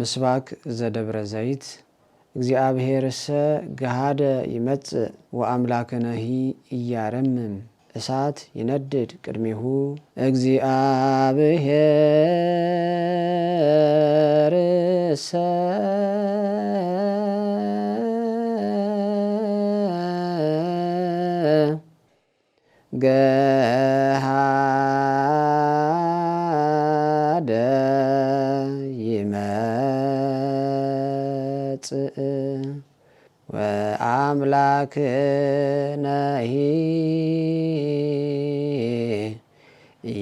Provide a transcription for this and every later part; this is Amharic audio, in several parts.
ምስባክ ዘደብረ ዘይት እግዚአብሔርሰ ገሃደ ይመጽእ ወአምላክነሂ እያረምም እሳት ይነድድ ቅድሚሁ እግዚአብሔርሰ ገሃ ነሂ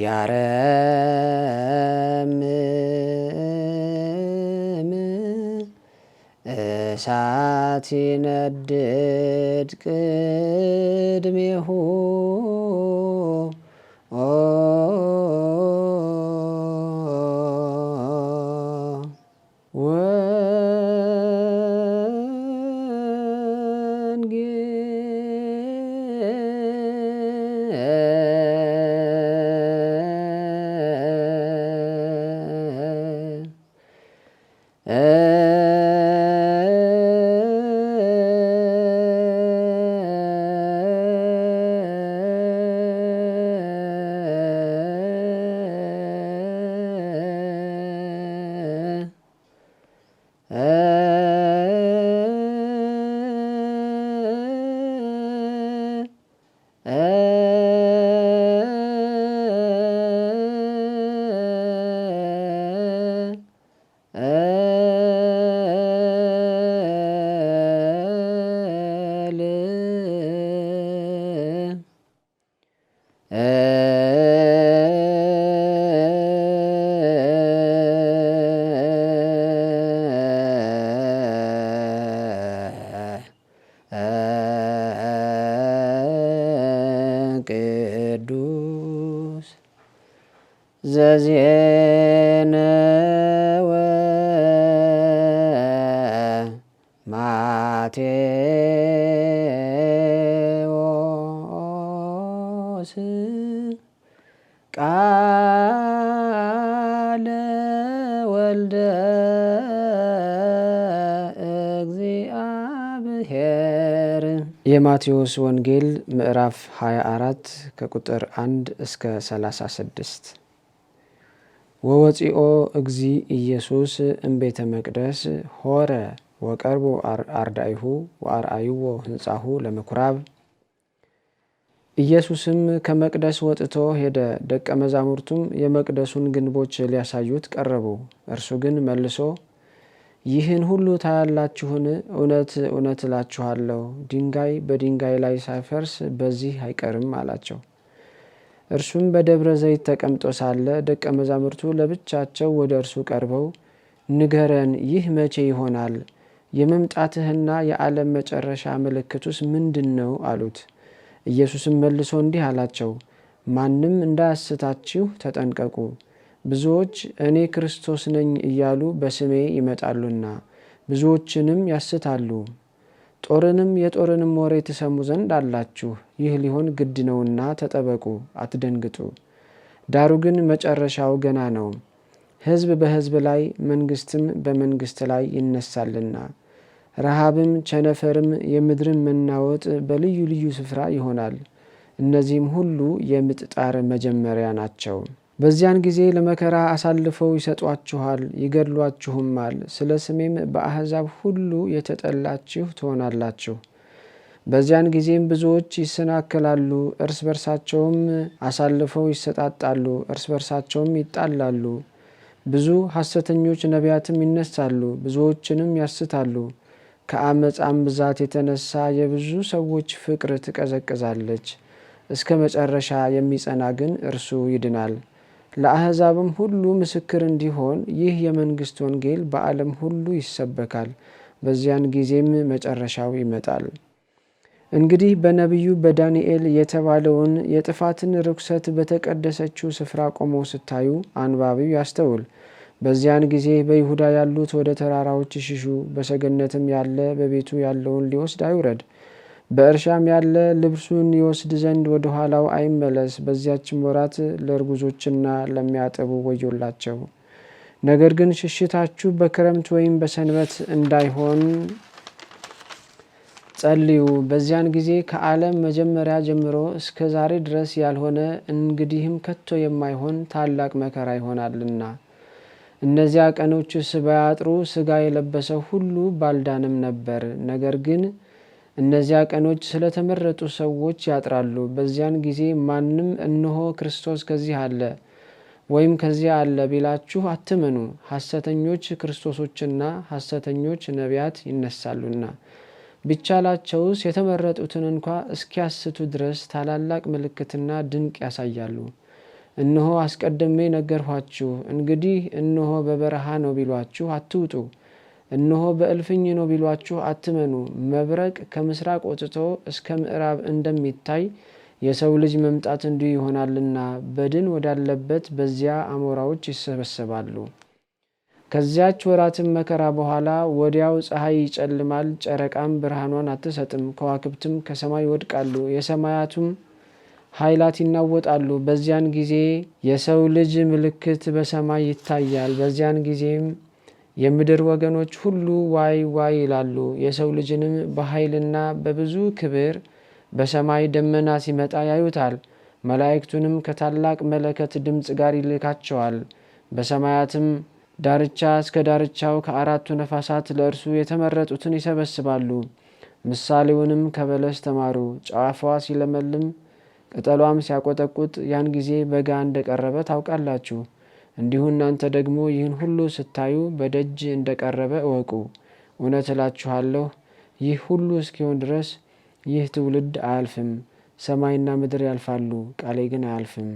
ያረምም እሳት ይነድድ ቅድሜሁ Eh, ቅዱስ ዘዜ ክርስቶስ ቃለ ወልደ እግዚአብሔር የማቴዎስ ወንጌል ምዕራፍ 24 ከቁጥር 1 እስከ 36 ወወፂኦ እግዚ ኢየሱስ እምቤተ መቅደስ ሆረ ወቀርቦ አርዳይሁ ወአርአይዎ ህንጻሁ ለምኩራብ ኢየሱስም ከመቅደስ ወጥቶ ሄደ፣ ደቀ መዛሙርቱም የመቅደሱን ግንቦች ሊያሳዩት ቀረቡ። እርሱ ግን መልሶ ይህን ሁሉ ታያላችሁን? እውነት እውነት እላችኋለሁ ድንጋይ በድንጋይ ላይ ሳይፈርስ በዚህ አይቀርም አላቸው። እርሱም በደብረ ዘይት ተቀምጦ ሳለ ደቀ መዛሙርቱ ለብቻቸው ወደ እርሱ ቀርበው ንገረን፣ ይህ መቼ ይሆናል? የመምጣትህና የዓለም መጨረሻ ምልክቱስ ምንድን ነው? አሉት። ኢየሱስም መልሶ እንዲህ አላቸው፣ ማንም እንዳያስታችሁ ተጠንቀቁ። ብዙዎች እኔ ክርስቶስ ነኝ እያሉ በስሜ ይመጣሉና ብዙዎችንም ያስታሉ። ጦርንም የጦርንም ወሬ ትሰሙ ዘንድ አላችሁ። ይህ ሊሆን ግድ ነውና ተጠበቁ፣ አትደንግጡ። ዳሩ ግን መጨረሻው ገና ነው። ህዝብ በህዝብ ላይ መንግስትም በመንግስት ላይ ይነሳልና ረሃብም፣ ቸነፈርም፣ የምድርን መናወጥ በልዩ ልዩ ስፍራ ይሆናል። እነዚህም ሁሉ የምጥጣር መጀመሪያ ናቸው። በዚያን ጊዜ ለመከራ አሳልፈው ይሰጧችኋል፣ ይገድሏችሁማል። ስለ ስሜም በአሕዛብ ሁሉ የተጠላችሁ ትሆናላችሁ። በዚያን ጊዜም ብዙዎች ይሰናከላሉ፣ እርስ በርሳቸውም አሳልፈው ይሰጣጣሉ፣ እርስ በርሳቸውም ይጣላሉ። ብዙ ሐሰተኞች ነቢያትም ይነሳሉ፣ ብዙዎችንም ያስታሉ። ከአመፃም ብዛት የተነሳ የብዙ ሰዎች ፍቅር ትቀዘቅዛለች። እስከ መጨረሻ የሚጸና ግን እርሱ ይድናል። ለአሕዛብም ሁሉ ምስክር እንዲሆን ይህ የመንግሥት ወንጌል በዓለም ሁሉ ይሰበካል፣ በዚያን ጊዜም መጨረሻው ይመጣል። እንግዲህ በነቢዩ በዳንኤል የተባለውን የጥፋትን ርኩሰት በተቀደሰችው ስፍራ ቆሞ ስታዩ አንባቢው ያስተውል። በዚያን ጊዜ በይሁዳ ያሉት ወደ ተራራዎች ይሽሹ። በሰገነትም ያለ በቤቱ ያለውን ሊወስድ አይውረድ። በእርሻም ያለ ልብሱን ይወስድ ዘንድ ወደ ኋላው አይመለስ። በዚያችም ወራት ለእርጉዞችና ለሚያጠቡ ወዮላቸው። ነገር ግን ሽሽታችሁ በክረምት ወይም በሰንበት እንዳይሆን ጸልዩ። በዚያን ጊዜ ከዓለም መጀመሪያ ጀምሮ እስከ ዛሬ ድረስ ያልሆነ እንግዲህም ከቶ የማይሆን ታላቅ መከራ ይሆናልና እነዚያ ቀኖችስ ባያጥሩ ስጋ የለበሰ ሁሉ ባልዳንም ነበር። ነገር ግን እነዚያ ቀኖች ስለተመረጡ ሰዎች ያጥራሉ። በዚያን ጊዜ ማንም እነሆ ክርስቶስ ከዚህ አለ ወይም ከዚያ አለ ቢላችሁ አትመኑ። ሐሰተኞች ክርስቶሶችና ሐሰተኞች ነቢያት ይነሳሉና ቢቻላቸውስ የተመረጡትን እንኳ እስኪያስቱ ድረስ ታላላቅ ምልክትና ድንቅ ያሳያሉ። እነሆ አስቀድሜ ነገርኋችሁ፣ እንግዲህ እነሆ በበረሃ ነው ቢሏችሁ አትውጡ፣ እነሆ በእልፍኝ ነው ቢሏችሁ አትመኑ። መብረቅ ከምስራቅ ወጥቶ እስከ ምዕራብ እንደሚታይ የሰው ልጅ መምጣት እንዲሁ ይሆናልና በድን ወዳለበት በዚያ አሞራዎች ይሰበሰባሉ። ከዚያች ወራትም መከራ በኋላ ወዲያው ፀሐይ ይጨልማል፣ ጨረቃም ብርሃኗን አትሰጥም፣ ከዋክብትም ከሰማይ ይወድቃሉ፣ የሰማያቱም ኃይላት ይናወጣሉ። በዚያን ጊዜ የሰው ልጅ ምልክት በሰማይ ይታያል። በዚያን ጊዜም የምድር ወገኖች ሁሉ ዋይ ዋይ ይላሉ። የሰው ልጅንም በኃይልና በብዙ ክብር በሰማይ ደመና ሲመጣ ያዩታል። መላእክቱንም ከታላቅ መለከት ድምፅ ጋር ይልካቸዋል። በሰማያትም ዳርቻ እስከ ዳርቻው ከአራቱ ነፋሳት ለእርሱ የተመረጡትን ይሰበስባሉ። ምሳሌውንም ከበለስ ተማሩ። ጫፏ ሲለመልም ቅጠሏም ሲያቆጠቁጥ ያን ጊዜ በጋ እንደቀረበ ታውቃላችሁ። እንዲሁ እናንተ ደግሞ ይህን ሁሉ ስታዩ በደጅ እንደቀረበ እወቁ። እውነት እላችኋለሁ ይህ ሁሉ እስኪሆን ድረስ ይህ ትውልድ አያልፍም። ሰማይና ምድር ያልፋሉ፣ ቃሌ ግን አያልፍም።